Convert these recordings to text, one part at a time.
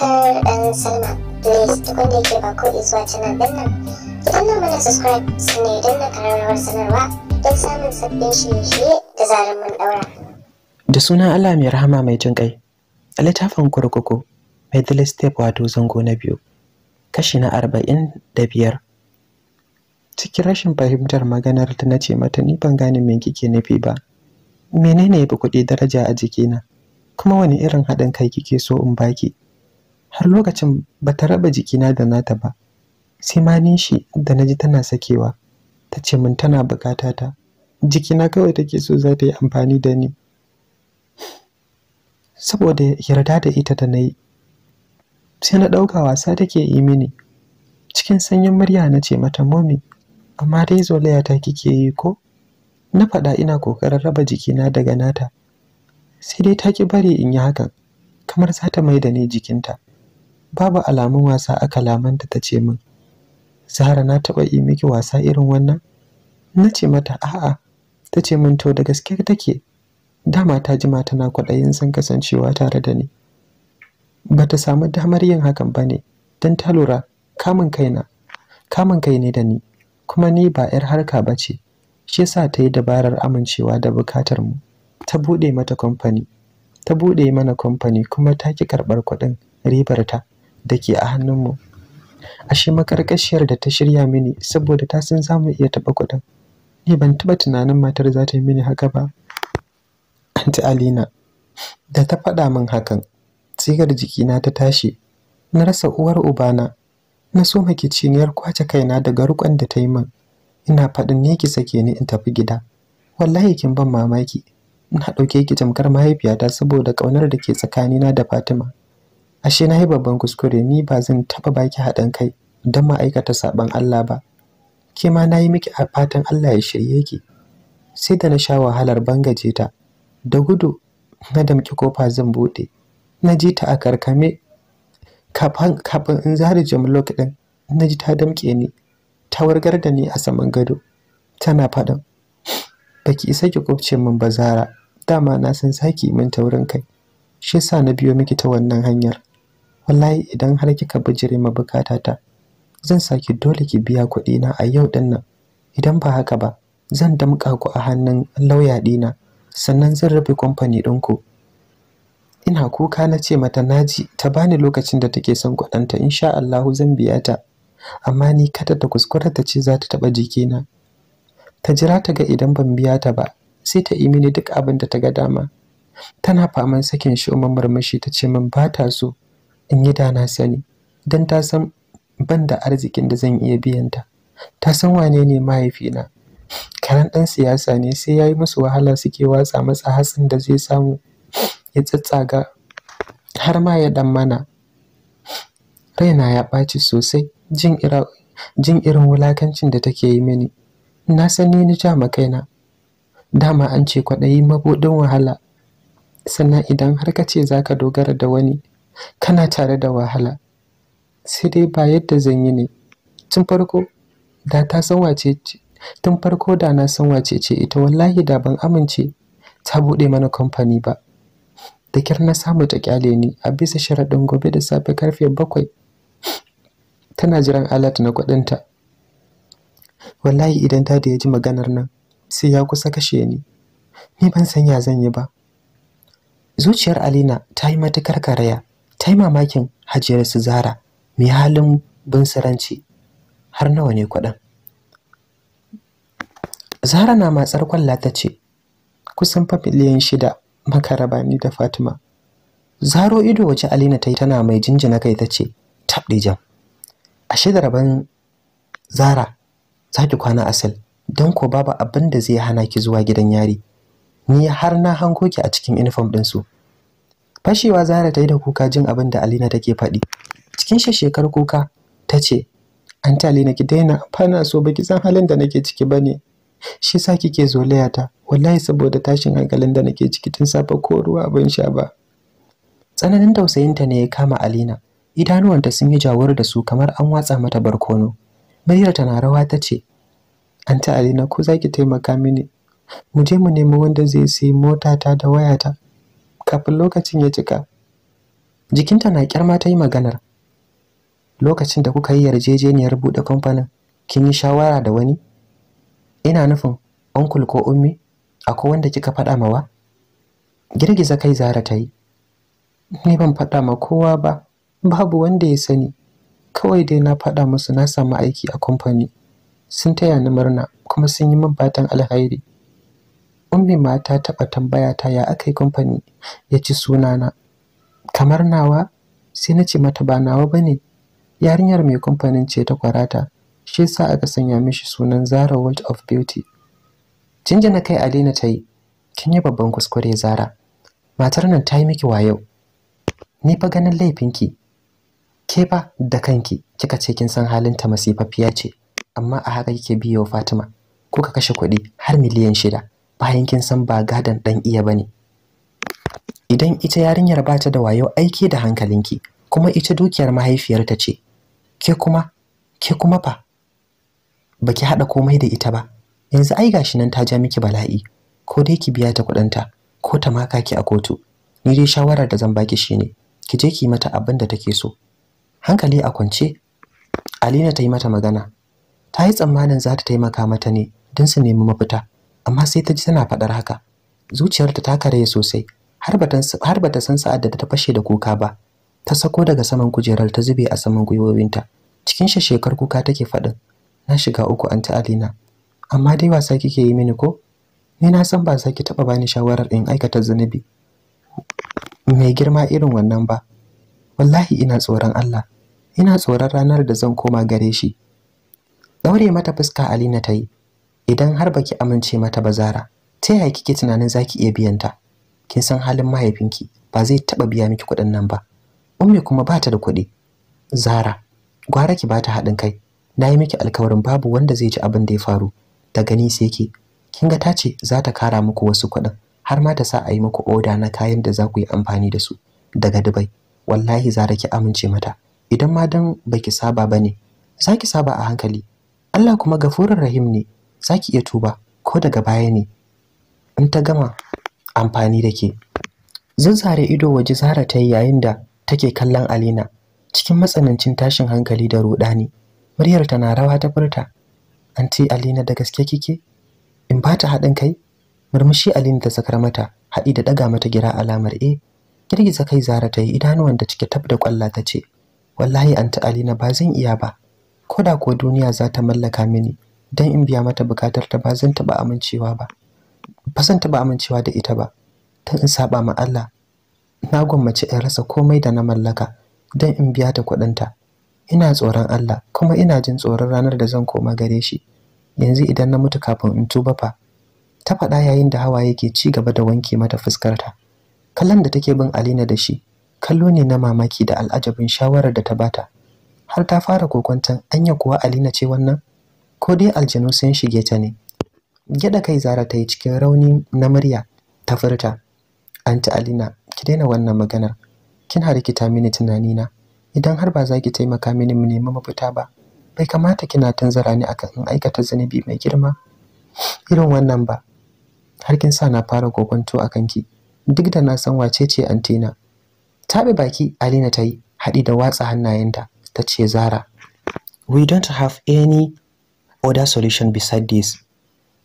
and sign up. da yake ko subscribe sanarwa don samun sabbin shirye da sunan Allah mai rahama mai jin kai. A littafin kurkuku, middle step wato zango na biyu, kashi na arba'in da biyar. Cikin rashin fahimtar maganar ta nace mata ni ban gane me kike nufi ba. Menene ya fi kuɗi daraja a jikina? Kuma wani irin haɗin kai kike so in baki? har lokacin ba ta raba jikina da nata ba sai ma shi da na ji tana sakewa ta ce min tana bukata ta jikina kawai take so za ta yi amfani da ni saboda yarda da ita da na yi sai na ɗauka wasa take yi mini cikin sanyin murya na ce mata momi amma dai zolaya ta kike yi ko na faɗa ina ƙoƙarin raba jikina daga nata sai dai ta ki bari in yi hakan kamar za ta mai da ni jikinta babu alamun wasa a kalamanta ta ce min zahara na taɓa yi miki wasa irin wannan na ce mata a'a ta ce min to da gaske take dama ta jima tana kwaɗayin san kasancewa tare da ni Bata ta samu damar yin hakan ba ne don ta lura kamun kaina kamun kai ne da ni kuma ni ba 'yar harka ba ce shi yasa ta yi dabarar amincewa da bukatar mu ta buɗe mata kamfani ta buɗe mana kamfani kuma ta ki karɓar kuɗin ribar ta da ke a hannunmu ashe makarkashiyar da ta shirya mini saboda ta san za mu iya taɓa kuɗin ni ban taɓa tunanin matar za ta yi mini haka ba anti alina da ta faɗa min hakan tsigar jikina ta tashi na rasa uwar ubana na so ciniyar kwace kaina daga rukon da ta yi min ina faɗin ne ki sake ni in tafi gida wallahi kin ban mamaki Ina ɗauke ki tamkar mahaifiyata saboda ƙaunar da ke tsakanina da Fatima ashe na yi babban kuskure ni ba zan taɓa baki haɗin kai don ma'aikata saɓan Allah ba ke ma na yi miki a fatan Allah ya shirye ki sai da na sha wahalar bangaje ta da gudu na damki kofa zan buɗe na ji ta a karkame kafin in zari jamlok ɗin na ji ta damƙe ni ta wargar da ni a saman gado tana faɗin baki isa ki kofce min ba zara dama na san saki min taurin kai shi yasa na biyo miki ta wannan hanyar wallahi idan har kika bijire ma bukatata zan saki dole ki biya kuɗi na a yau din nan idan ba haka ba zan damƙa ku a hannun lauya ɗina sannan zan rufe din ku ina kuka na ce mata naji ta bani lokacin da take son ta insha Allahu zan biya ta amma ni kada ta kuskura ta ce za ta taɓa jikina ta jira ta ga idan ban biya ta ba sai ta imini duk abin da ta ga dama tana faman sakin shi umar murmushi ta ce min ba ta so in yi da na sani don ta san ban da arzikin da zan iya biyanta ta san wane ne mahaifina karan ɗan siyasa ne sai ya yi musu wahala suke watsa masa hatsin da zai samu ya tsatsaga har ma ya ɗan mana raina ya ɓaci sosai jin irin wulakancin da take yi mini na san ni na ja makaina dama an ce kwaɗayi mabuɗin wahala sannan idan har ka ce za ka dogara da wani kana tare da wahala sai dai ba yadda zan yi ne tun farko da ta san wace ce tun farko da na san wace ce ita wallahi da ban amince ta buɗe mana kamfani ba da kyar na samu ta kyale ni a bisa sharaɗin gobe da safe karfe bakwai tana jiran alat na kuɗinta wallahi idan ta da ya ji maganar nan sai ya kusa kashe ni ni ban san ya zan yi ba zuciyar alina ta yi matukar karaya kai mamakin hajiyar su zara mai halin binsiranci har nawa ne kuɗin zara na matsar kwalla ta ce kusan fa miliyan shida makaraba ni da fatima zaro ido wace alina ta yi tana mai jinjina kai ta ce A ashe da rabon zara za ki kwana asal don ko babu abin da zai hana ki zuwa gidan yari ni har na hanko ki a cikin uniform ɗinsu fashewa zara ta yi da kuka jin abin da alina take faɗi cikin shekar kuka ta ce an alina ki daina fana so baki san halin da nake ciki bane shi sa kike zolaya ta wallahi saboda tashin hankalin da nake ciki tun safe ko ruwa ban sha ba tsananin tausayinta ne ya kama alina idanuwanta sun yi jawar da su kamar an watsa mata barkono muryar tana rawa ta ce an alina ko za ki taimaka mini mu je mu nemi wanda zai sayi motata da wayata kafin lokacin ya cika jikinta na ma ta yi maganar lokacin da kuka yi yarjejeniyar buɗe kamfanin kin yi shawara da wani ina nufin onkul ko ummi akwai wanda kika faɗa mawa girgiza kai zara ta yi ni ban faɗa ma kowa ba babu wanda ya sani kawai dai na faɗa musu na samu aiki a kamfani sun taya ni murna kuma sun yi min fatan alheri ummi ma ta taɓa tambaya ta ya aka yi kamfani ya ci sunana kamar nawa sai na ce mata ba nawa ba ne yarinyar mai kamfanin ce ta kwarata shi sa aka sanya mishi sunan zara world of beauty na kai alina ta yi kin yi babban kuskure zara matar nan ta yi miki wayo ni fa ganin laifinki ke ba da kanki kika ce kin san halin halinta masifafiya ce amma a haka kike biyo fatima kuka kashe kuɗi har miliyan shida bayan kin san ba gadan dan iya bane idan ita yarinyar ba ta da wayo aiki da hankalinki kuma ita dukiyar mahaifiyarta ce ke kuma ke kuma fa baki hada komai da ita ba yanzu ai gashi nan ta ja miki bala'i ko dai ki biya ta ta ko ta maka ki a kotu ni dai shawarar da zan baki shine ki je ki mata abin da take so hankali a kwance Alina ta yi mata magana ta yi tsammanin za ta taimaka mata ne don su nemi mafita amma sai ta ji tana faɗar haka zuciyarta ta karye sosai har bata san sa'ad da ta fashe da kuka ba ta sako daga saman kujerar ta zube a saman gwiwowinta cikin shekar kuka take faɗin na shiga uku anti alina amma dai wasa kike yi mini ko ni na san ba za ki taɓa bani shawarar in aikata zunubi mai girma irin wannan ba wallahi ina tsoron Allah ina tsoron ranar da zan koma gare shi daure mata fuska alina ta yi idan har baki amince mata ba zara ta yaya kike tunanin zaki iya biyan ta kin san halin mahaifinki ba zai taba biya miki kuɗin nan ba ummi kuma ba ta da kuɗi zara gwara ki ba ta haɗin kai na yi miki alkawarin babu wanda zai ji abin da ya faru da gani sai ke kin ga ta ce za ta kara muku wasu kuɗin har ma ta sa a yi muku oda na kayan da za ku yi amfani da su daga dubai wallahi zara ki amince mata idan ma dan baki saba bane za ki saba a hankali Allah kuma gafurin rahim ne za ki iya tuba ko daga baya ne in ta gama amfani da ke zazzare ido waje zara ta yi yayin da take kallon alina cikin matsanancin tashin hankali da rudani muryar ta na rawa ta furta ce alina da gaske kike in ba ta haɗin kai murmushi alina ta sakar mata haɗi da ɗaga mata gira alamar e girgiza kai zara ta yi idanuwan da cike tab da kwalla ta ce wallahi anti alina ba zan iya ba ko da ko duniya za ta mallaka mini dan in biya mata bukatar ta ba zan taba amincewa ba ba zan taba amincewa da ita ba ta in saba ma Allah na gwammace in rasa komai da na mallaka dan in biya ta ta ina tsoron Allah kuma ina jin tsoron ranar da zan koma gare shi yanzu idan na mutu kafin in tuba fa ta faɗa yayin da hawa yake ci gaba da wanke mata fuskar ta kallon da take bin Alina da shi kallo ne na mamaki da al'ajabin shawarar da ta bata har ta fara kokonton anya kuwa Alina ce wannan ko dai aljanu sun shige ta ne gyada kai zara ta yi cikin rauni na murya ta furta anti alina ki daina wannan maganar kina rikita mini tunani na, idan har ba za ki taimaka mini mu nemi mafita ba bai kamata kina tanzara ni akan aikata zunubi mai girma irin wannan ba har kin sa na fara kokonto akan ki duk da na san wace ce antina tabe baki alina ta yi haɗi da watsa hannayenta ta ce zara we don't have any other solution beside this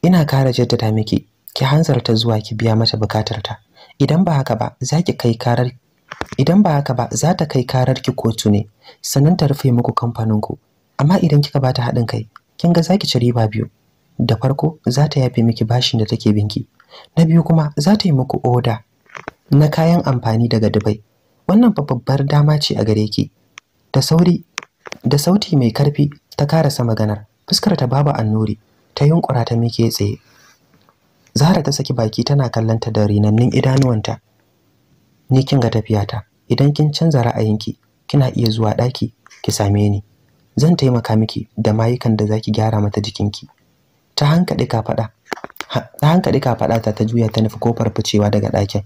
ina kara jaddada miki ki hanzarta zuwa ki biya mata bukatarta idan ba haka ba za ki kai karar idan ba haka ba za ta kai karar ki kotu ne sannan ta rufe muku kamfanin ku amma idan kika bata haɗin kai kin ga zaki ci riba biyu da farko za ta yafe miki bashin da take binki na biyu kuma za ta yi muku oda na kayan amfani daga Dubai wannan fa babbar dama ce a gare ki da sauri da sauti mai karfi ta karasa maganar fuskar ta babu annuri ta yunkura ta mike tsaye Zahra ta saki baki tana kallon ta da rinannun idanuwanta ni kin ga tafiyata idan kin canza ra'ayinki kina iya zuwa ɗaki ki same ni zan taimaka miki da mayukan da zaki gyara mata jikinki ta hankali ka faɗa ta hankali ka faɗa ta ta juya ta nufi kofar ficewa daga ɗakin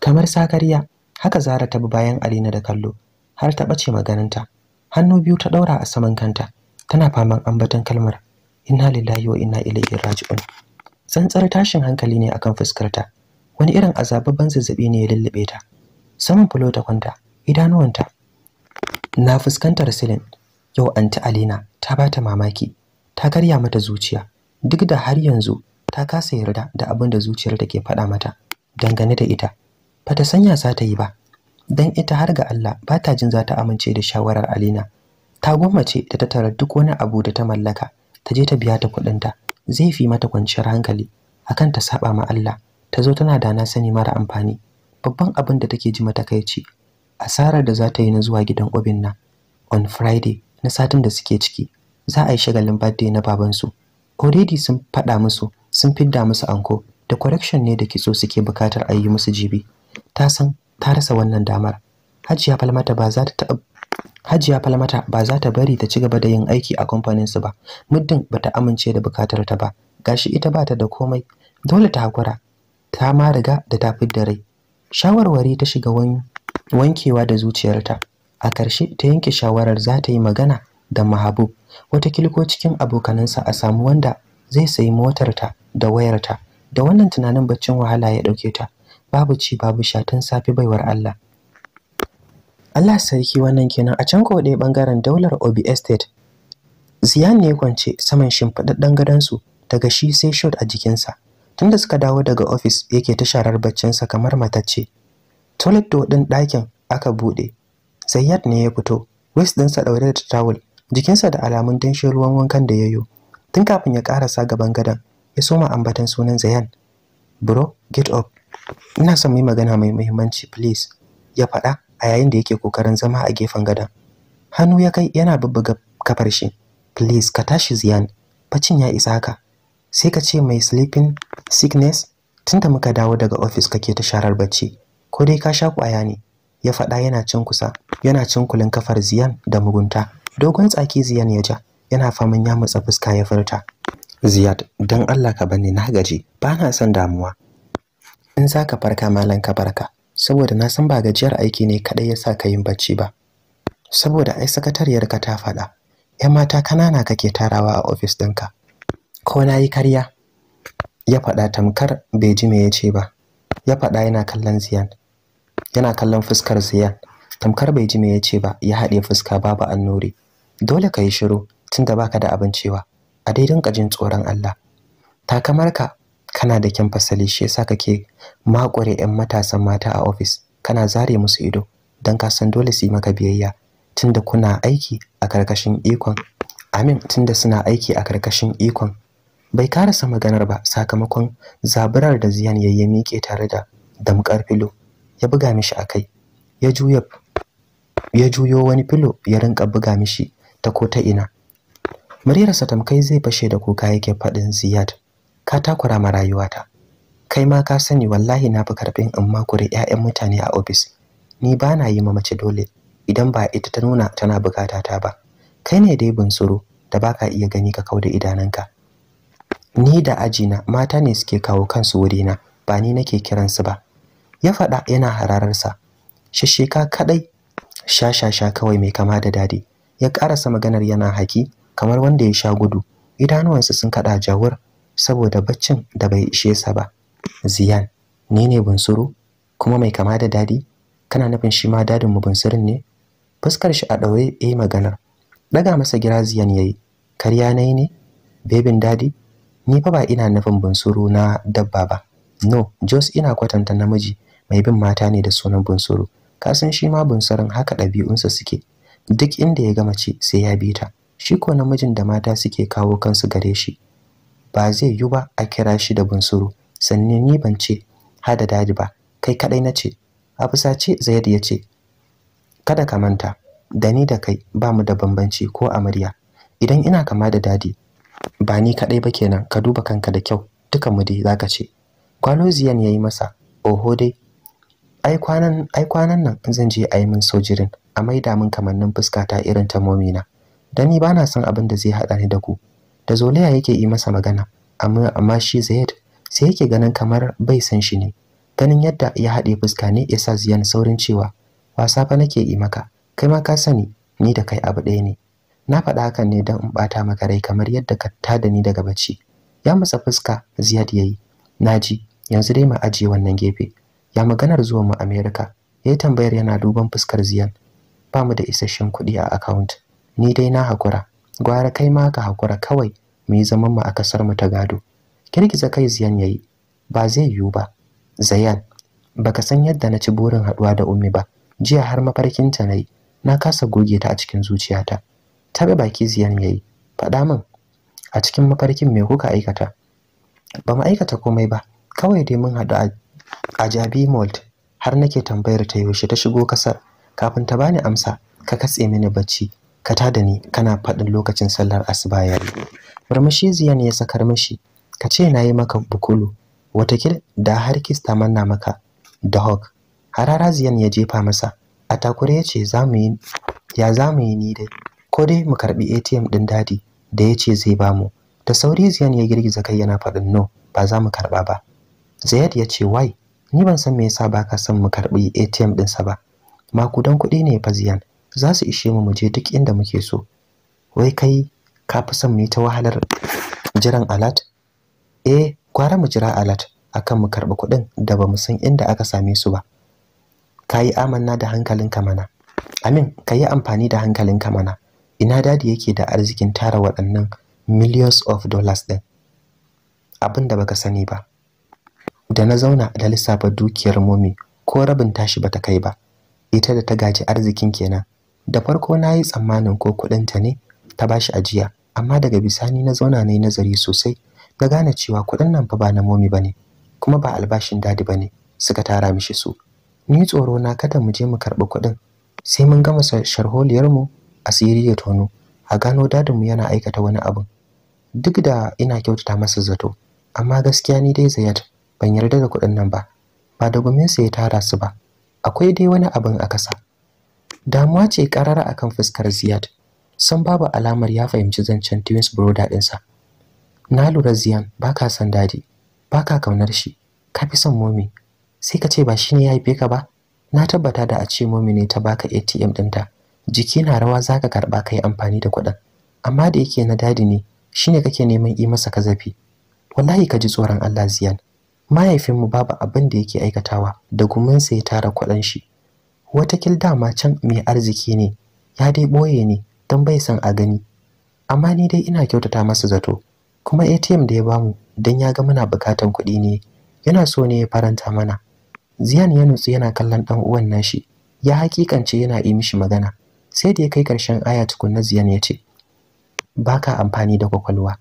kamar sakariya haka Zahra ta bi bayan Alina da kallo har ta ɓace maganinta. hannu biyu ta ɗaura a saman kanta tana faman ambaton kalmar inna lillahi wa inna ilaihi raji'un tsantsar tashin hankali ne akan fuskarta wani irin ban zazzabi ne ya lullube ta saman fulo ta kwanta idanuwanta na fuskantar silin yau anti alina ta bata mamaki ta karya mata zuciya duk da har yanzu ta kasa yarda da abin da zuciyar take faɗa mata dangane da ita ba ta sanya za ta yi ba don ita har ga Allah ba ta jin za ta amince da shawarar Alina ta gwammace da ta tara duk wani abu da ta mallaka ta je ta biya ta kuɗinta zai fi mata kwanciyar hankali akan ta saba ma Allah ta zo tana da na sani mara amfani babban abin da take ji matakaici asarar da za ta yi na zuwa gidan obin na on friday na satin da suke ciki za a yi shagalin birthday na babansu already sun faɗa musu sun fidda musu anko da correction ne da kitso suke bukatar a yi musu jibi ta san ta rasa wannan damar hajiya falmata ba za ta taɓa Hajiya Falmata ba za ta bari ta ci gaba da yin aiki a kamfanin su ba muddin ba ta amince da bukatar ta ba gashi ita ba ta da komai dole ta hakura ta ma riga da ta fi da rai shawarwari ta shiga wankewa da zuciyarta a ƙarshe ta yanke shawarar za ta yi magana da Mahabub wata kiliko cikin abokanansa a samu wanda zai sayi motarta da wayarta da wannan tunanin baccin wahala ya ɗauke ta babu ci babu sha tun safi baiwar Allah Allah sarki wannan kenan a can kowaɗe ɓangaren daular Obi Estate. Ziyan ne kwance saman shimfiɗaɗɗen gadonsu daga shi sai shot a jikinsa. Tunda suka dawo daga ofis yake ta sharar baccinsa kamar matacce. Toilet da ɗin ɗakin aka buɗe. Zayyad ne ya fito, waist ɗinsa ɗaure da tawul, jikinsa da alamun danshin ruwan wankan da ya yayo. Tun kafin ya ƙarasa gaban gadon, ya soma ambatan sunan Zayan. Bro, get up. Ina son mai magana mai muhimmanci, please. Ya faɗa a yayin da yake kokarin zama a gefen gadon hannu ya kai yana bubbuga kafar shi please ka tashi ziyan bacin ya isa haka sai ka ce mai sleeping sickness tunda muka dawo daga ofis kake ta sharar bacci ko dai ka sha kwaya ne ya faɗa yana cin kusa yana cin kulin kafar ziyan da mugunta dogon tsaki ziyan ya ja yana faman ya mutsa fuska ya furta ziyad don allah ka bani na gaji Bana son damuwa in za ka farka malam ka barka saboda na san ba gajiyar aiki ne kaɗai ya sa ka yin bacci ba saboda ai sakatariyarka ta faɗa 'yan mata kanana kake tarawa a ofis ɗinka ko na yi karya ya faɗa tamkar bai ji me ya ce ba ya faɗa yana kallon ziyan yana kallon fuskar ziyan tamkar bai ji me ya ce ba ya haɗe fuska babu annuri dole ka yi shiru tunda baka da abincewa a dai dinka jin tsoron Allah Ta kamar ka. kana da kyan fasali shi yasa kake makure yan matasan mata a ofis kana zare musu ido don ka san dole su yi maka biyayya tunda kuna aiki a karkashin ikon amin tunda suna aiki a karkashin ikon bai karasa maganar ba sakamakon zaburar da ziyan yayye miƙe tare da damƙar filo ya buga mishi a kai ya juyo wani filo ya rinka buga mishi ta ko ta ina muryarsa tamkai zai fashe da kuka yake faɗin ziyad ka takura ma rayuwata kai ma ka sani wallahi na fi karfin in makure 'ya'yan mutane a ofis ni ba na yi ma mace dole idan ba ita ta nuna tana bukata ta ba kai ne dai bunsuru da baka iya gani ka kau da idananka ni da ajina mata ne suke kawo kansu wurina ba ni nake kiransu ba ya faɗa yana hararsa shisheka kaɗai. shashasha kawai mai kama da dadi ya karasa maganar yana haki kamar wanda ya sha gudu idanuwansa sun kaɗa jawur saboda baccin da bai ishe sa ba ziyan ni ne bunsuru kuma mai kama da dadi kana nufin shi ma dadin mu bunsurin ne fuskar shi a ya eh maganar daga masa gira ziyan yayi karya nayi ne bebin dadi ni fa ba ina nufin bunsuru na dabba ba no jos ina kwatanta namiji mai bin mata ne da sunan bunsuru ka san shi ma bunsurin haka ɗabi'unsa suke duk inda ya gama ce sai ya bi ta shi ko namijin da mata suke kawo kansu gare shi ba zai yi ba a kira shi da bunsuru sannan ni ban ce hada dadi ba kai kadai na ce a ce zaid ya ce kada ka manta da ni da kai ba mu da bambanci ko amarya idan ina kama da dadi ba ni kadai ba kenan ka duba kanka da kyau duka mu dai zaka ce kwano ziyan yayi masa oho dai ai kwanan ai kwanan nan zan je yi min sojirin a maida min kamannin fuska ta irin ta momina dani bana son abin da zai hada ni da ku da zolaya yake yi masa magana amma shi zayed sai yake ganin kamar bai san shi ne ganin yadda ya haɗe fuska ne ya sa ziyan saurin cewa wasa fa nake yi maka kai ma ka sani ni da kai abu ɗaya ne na faɗa hakan ne don in ɓata maka rai kamar yadda ka tada ni daga bacci ya matsa fuska ziyad yayi ji, yanzu dai ma ajiye wannan gefe ya maganar zuwa mu Ya yi tambayar yana duban fuskar ziyan ba mu da isasshen kuɗi a account ni dai na hakura gwara kai ma ka hakura kawai mu yi zaman mu a kasar mu ta gado kirgiza kai ziyan yayi ba zai yiwu ba zayan baka san yadda na ci burin haduwa da ummi ba jiya har mafarkin ta nayi na kasa goge ta a cikin zuciyata tabe baki ziyan yayi faɗa min a cikin mafarkin me kuka aikata ba mu aikata komai ba kawai dai mun haɗu a jabi mold har nake tambayar ta yaushe ta shigo kasar kafin ta bani amsa ka katse mini bacci ka tada ni kana faɗin lokacin sallar asuba ya yi murmushi ziyan ya sakar mishi ka ce na yi maka bukulu watakil da har kista manna maka da hawk harara ziyan ya jefa masa a takure ya ce ya za mu yi ni dai ko dai mu karbi atm din dadi da ya ce zai bamu da sauri ziyan ya girgiza kai yana faɗin no ba za mu karba ba Zayad ya ce wai ni ban san me yasa ba ka son mu karbi atm ɗinsa ba makudan kuɗi ne fa ziyan za su ishe mu muje duk inda muke so wai kai ka fi son mu yi ta wahalar jiran alat eh gwara mu jira alat akan mu karɓi kuɗin da ba mu san inda aka same su ba ka yi amanna da hankalinka mana amin ka yi amfani da hankalinka mana ina dadi yake da arzikin tara waɗannan millions of dollars ɗin abin da baka sani ba da na zauna da lissafa dukiyar momi ko rabin tashi bata kai ba ita da ta gaji arzikin kenan da farko na yi tsammanin ko kuɗinta ne ta bashi ajiya amma daga bisani na zauna na yi nazari sosai na gane cewa kuɗin nan fa ba na momi ba ne kuma ba albashin dadi ba ne suka tara mishi su ni tsoro na kada mu je mu karɓi kuɗin sai mun gama sharholiyarmu asiri ya tono a gano dadinmu yana aikata wani abu. duk da ina kyautata masa zato amma gaskiya ni dai zayat ban yarda da kuɗin nan ba ba da gumin ya tara su ba akwai dai wani abin a kasa damuwa ce karara kan fuskar ziyad san babu alamar ya fahimci zancen twins brother ɗinsa na lura ziyan baka son dadi baka kaunar shi ka fi son momi sai ka ce ba shine ya haife ka ba na tabbata da a ce momi ne ta baka atm ɗinta jiki na rawa zaka ka yi amfani da kuɗin amma da yake na dadi ne shine kake neman yi masa kazafi wallahi ka ji tsoron Allah ziyan mahaifinmu babu abin da yake aikatawa da gumin sai tara kwaɗan shi watakil dama can mai arziki ne ya dai ɓoye ne don bai san a gani amma ni dai ina kyautata masa zato kuma atm da ya bamu don ya ga muna bukatan kuɗi ne yana so ne ya faranta mana ziyan ya nutsu yana kallon ɗan uwan nashi ya hakikance yana yi mishi magana sai da ya kai ƙarshen aya na ziyan ya ce ba ka amfani da kwakwalwa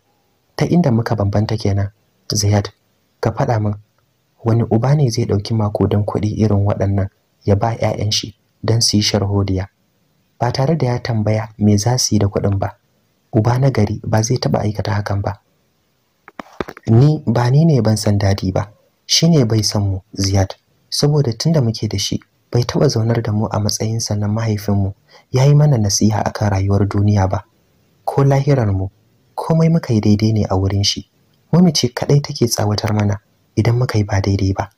ta inda muka bambanta kenan ziyad ka faɗa min wani uba ne zai ɗauki mako don kuɗi irin waɗannan ya ba 'ya'yan shi don su yi sharhodiya ba tare da ya tambaya me za su yi da kuɗin ba uba na gari ba zai taɓa aikata hakan ba ni ba ni ne ban san dadi ba shi ne bai san mu ziyad saboda tunda muke da shi bai taɓa zaunar da mu a matsayinsa na mahaifinmu ya yi mana nasiha akan rayuwar duniya ba ko mu komai muka yi daidai ne a wurin shi mamice kaɗai take tsawatar mana idan muka yi ba daidai ba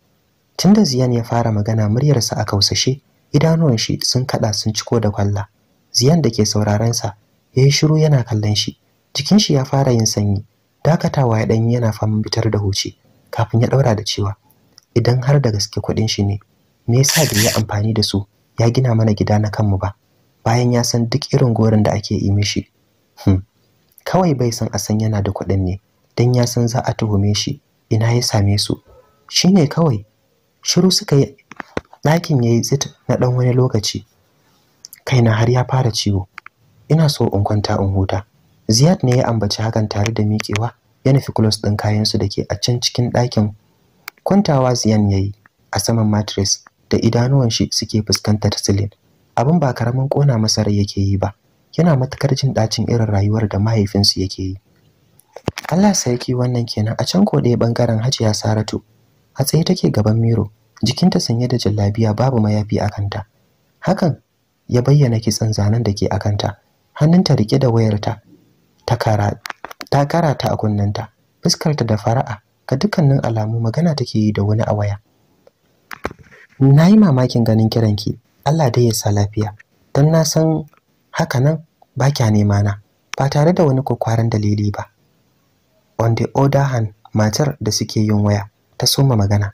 tunda ziyan ya fara magana muryarsa a kausashe idanuwan shi sun kada sun ciko da kwalla ziyan da ke sauraron sa ya yi shiru yana kallon shi jikin shi ya fara yin sanyi dakatawa ya dan yana faman bitar da huce kafin ya daura da cewa idan har da gaske kudin shi ne me yasa bai yi amfani da su ya gina mana gida na kanmu ba bayan ya san duk irin gorin da ake yi mishi hmm. kawai bai san a san yana da kuɗin ne Dan ya san za a tuhume shi ina ya same su shine kawai shiru suka yi ɗakin ya yi tsit na ɗan wani lokaci kaina har ya fara ciwo ina so in kwanta in huta ziyad ne ya ambaci hakan tare da miƙewa ya nufi kulos ɗin kayansu da ke a can cikin ɗakin kwantawa ziyan ya yi a saman matres da idanuwan shi suke fuskantar silin abin ba karamin ƙona masa rai yake yi ba yana matukar jin ɗacin irin rayuwar da mahaifinsu yake yi Allah sarki wannan kenan a can ko ɗaya ɓangaren hajiya saratu a tsaye take gaban miro jikinta sanye da jallabiya babu mayafi a kanta hakan ya bayyana kitsan zanen da ke a kanta hannunta rike da wayarta ta kara ta karata a kunnenta fuskarta da fara'a ga dukkanin alamu magana take yi da wani a waya na yi mamakin ganin kiranki Allah dai ya sa lafiya don na san haka nan ba kya nema na ba tare da wani kwakwaran dalili ba on the other hand matar da suke yin waya ta soma magana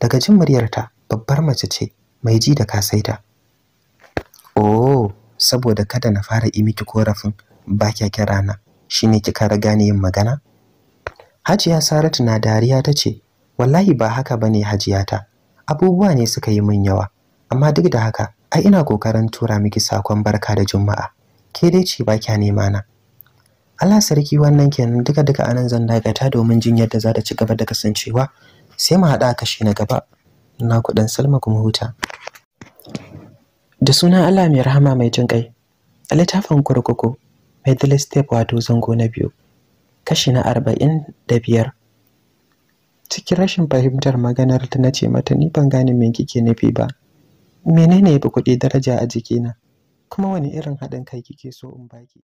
daga jin muryarta babbar mace ce mai ji da kasaita oh saboda kada na fara yi miki korafin ba kya kira na shine kika kara gane yin magana Hajiya Saratu na dariya ta ce wallahi ba haka ba ne hajiyata abubuwa ne suka yi min yawa amma duk da haka ai ina kokarin tura miki sakon barka da juma'a ke dai ce ba kya nema na Allah sarki wannan kenan duka duka anan zan dakata domin jin yadda za ta ci gaba da kasancewa sai mu haɗa kashi na gaba na kuɗin salma kuma huta da suna allah mai rahama mai jin ƙai a littafin kurkuku middle step wato zango na biyu kashi na arba'in da biyar cikin rashin fahimtar maganar ta na ce mata ni ban gane me kike nufi ba menene ya fi kuɗi daraja a jikina kuma wani irin haɗin kai kike so in baki